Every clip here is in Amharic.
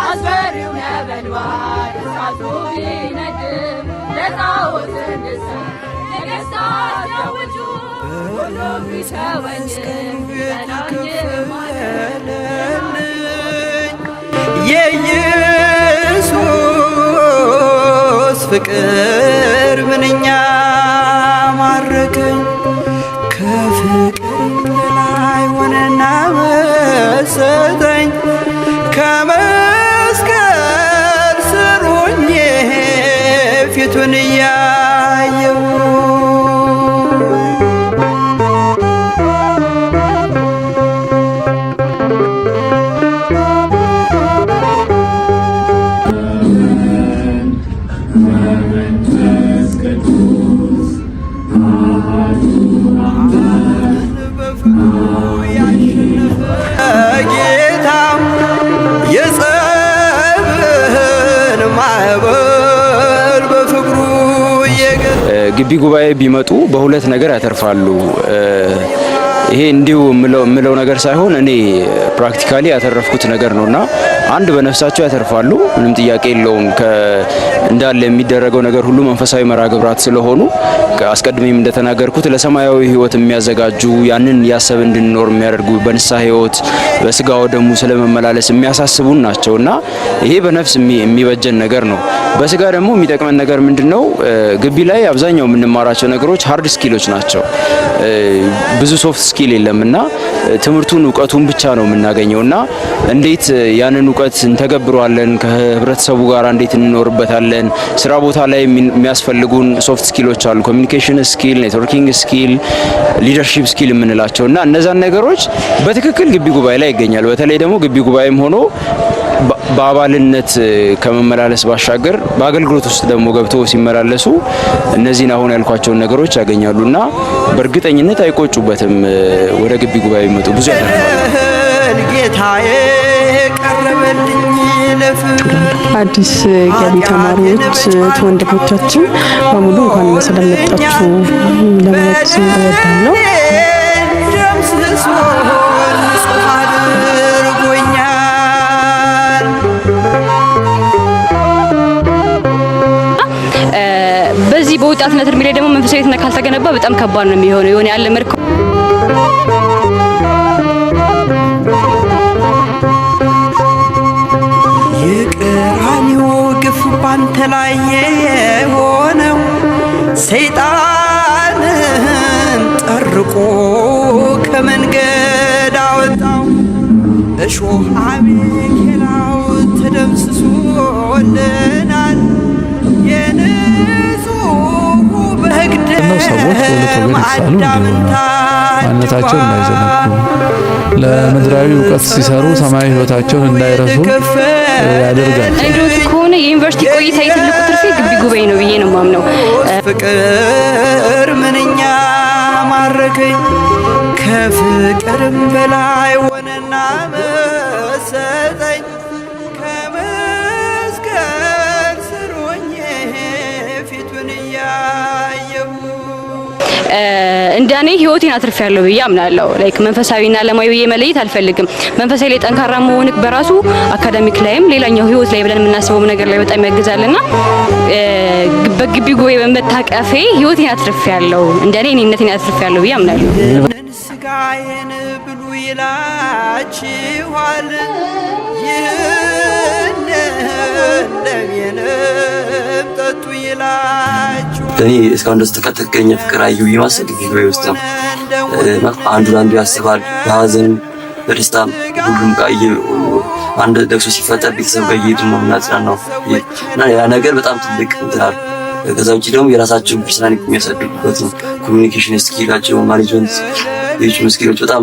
አስፈሪው ነበልባል የኢየሱስ ፍቅር ምንኛ ቤቱን እያ ግቢ ጉባኤ ቢመጡ በሁለት ነገር ያተርፋሉ። ይሄ እንዲሁ የምለው ነገር ሳይሆን እኔ ፕራክቲካሊ ያተረፍኩት ነገር ነውና አንድ በነፍሳቸው ያተርፋሉ፣ ምንም ጥያቄ የለውም። እንዳለ የሚደረገው ነገር ሁሉ መንፈሳዊ መራግብራት ግብራት ስለሆኑ አስቀድሜም እንደተናገርኩት ለሰማያዊ ሕይወት የሚያዘጋጁ ያንን ያሰብ እንድንኖር የሚያደርጉ በንስሐ ሕይወት በስጋው ደሙ ስለመመላለስ የሚያሳስቡን ናቸው እና ይሄ በነፍስ የሚበጀን ነገር ነው። በስጋ ደግሞ የሚጠቅመን ነገር ምንድን ነው? ግቢ ላይ አብዛኛው የምንማራቸው ነገሮች ሀርድ ስኪሎች ናቸው። ብዙ ሶፍት ስኪል የለም እና ትምህርቱን እውቀቱን ብቻ ነው የምናገኘው እና እንዴት ያንን እውቀት እንተገብረዋለን፣ ከህብረተሰቡ ጋር እንዴት እንኖርበታለን። ስራ ቦታ ላይ የሚያስፈልጉን ሶፍት ስኪሎች አሉ፣ ኮሚኒኬሽን ስኪል፣ ኔትወርኪንግ ስኪል፣ ሊደርሺፕ ስኪል የምንላቸው እና እነዛን ነገሮች በትክክል ግቢ ጉባኤ ላይ ይገኛል። በተለይ ደግሞ ግቢ ጉባኤም ሆኖ በአባልነት ከመመላለስ ባሻገር በአገልግሎት ውስጥ ደግሞ ገብቶ ሲመላለሱ እነዚህን አሁን ያልኳቸውን ነገሮች ያገኛሉ እና በእርግጠኝነት አይቆጩበትም። ወደ ግቢ ጉባኤ ይመጡ ብዙ ጌታዬ አዲስ ገቢ ተማሪዎች ወንድሞቻችን በሙሉ እንኳን ስለመጣችሁ ለማለት ነው። በዚህ በወጣትነት እድሜ ላይ ደግሞ መንፈሳዊነት ካልተገነባ በጣም ከባድ ነው የሚሆነው የሆነ ያለ ሾህ አቤኬላው ተደምስሶልናል። የንጹሁ በግደም አዳምንታ ማንነታቸውን እንዳይዘነጉ ለምድራዊ እውቀት ሲሰሩ ሰማያዊ ህይወታቸውን እንዳይረሱ ያደርጋል። እንደውት ከሆነ የዩኒቨርሲቲ ቆይታ የትልቁ ትርፌ ግቢ ጉባኤ ነው ብዬ ነው ማምነው። ፍቅር ምንኛ ማረከኝ ከፍቅርም በላይ እንደኔ ህይወቴን አትርፍ ያለው ብዬ አምናለሁ። ላይክ መንፈሳዊና ዓለማዊ ብዬ መለየት አልፈልግም። መንፈሳዊ ላይ ጠንካራ መሆን በራሱ አካዳሚክ ላይም ሌላኛው ህይወት ላይ ብለን የምናስበው ነገር ላይ በጣም ያግዛልና በግቢ ጉባኤ በመታቀፌ ህይወቴን አትርፍ ያለው እንደኔ እኔነቴን አትርፍ ያለው ብዬ አምናለሁ። ስጋዬን ብሉ ይላችኋል። እኔ እስካሁን ድረስ ተከተከኝ ፍቅር አዩ ይማሰል ይግሬ ውስጥ ነው አንዱ አንዱ ያስባል። በሀዘን በደስታም ሁሉም ቃይ አንድ ደግሶ ሲፈጠር ቤተሰብ ጋር እየሄድን ነው የምናጽናናው እና ያ ነገር በጣም ትልቅ እንትናል። ከዛ ውጭ ደግሞ የራሳቸውን ፐርሰናሊቲ የሚያሳድጉበት ነው። ኮሚኒኬሽን ስኪላቸው፣ ማኔጅመንት፣ ሌሎች ስኪሎች በጣም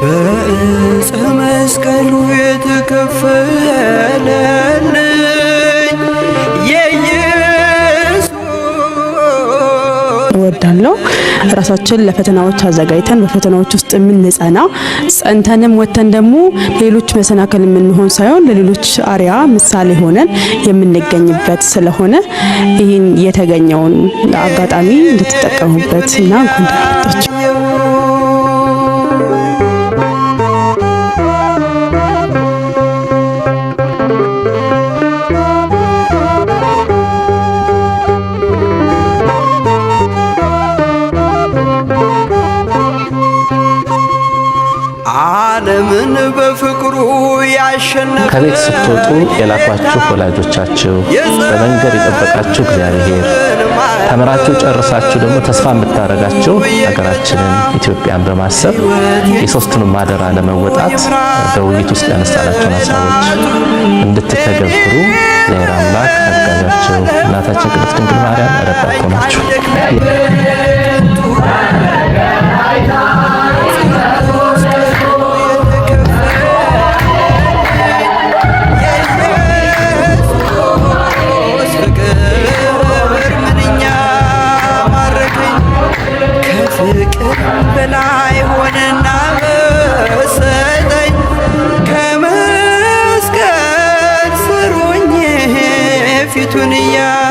በእፀ መስቀሉ የተከፈለልኝ የኢየሱስ ራሳችን ለፈተናዎች አዘጋጅተን በፈተናዎች ውስጥ የምንጸና ጸንተንም ወጥተን ደግሞ ሌሎች መሰናክል የምንሆን ሳይሆን ለሌሎች አሪያ ምሳሌ ሆነን የምንገኝበት ስለሆነ ይህን የተገኘውን አጋጣሚ እንድትጠቀሙበት እና ጎንዳቶች ከቤት ስትወጡ የላኳችሁ ወላጆቻችሁ፣ በመንገድ የጠበቃችሁ እግዚአብሔር፣ ተምራችሁ ጨርሳችሁ ደግሞ ተስፋ የምታደርጋችሁ ሀገራችንን ኢትዮጵያን በማሰብ የሶስቱንም ማደራ ለመወጣት በውይይት ውስጥ ያነሳናቸውን ሀሳቦች እንድትተገብሩ ዜር አምላክ አጋዣችሁ እናታችን ቅድስት ድንግል ማርያም ረዳት ማንና ከመስቀል ስሮኝ ፊቱን እያ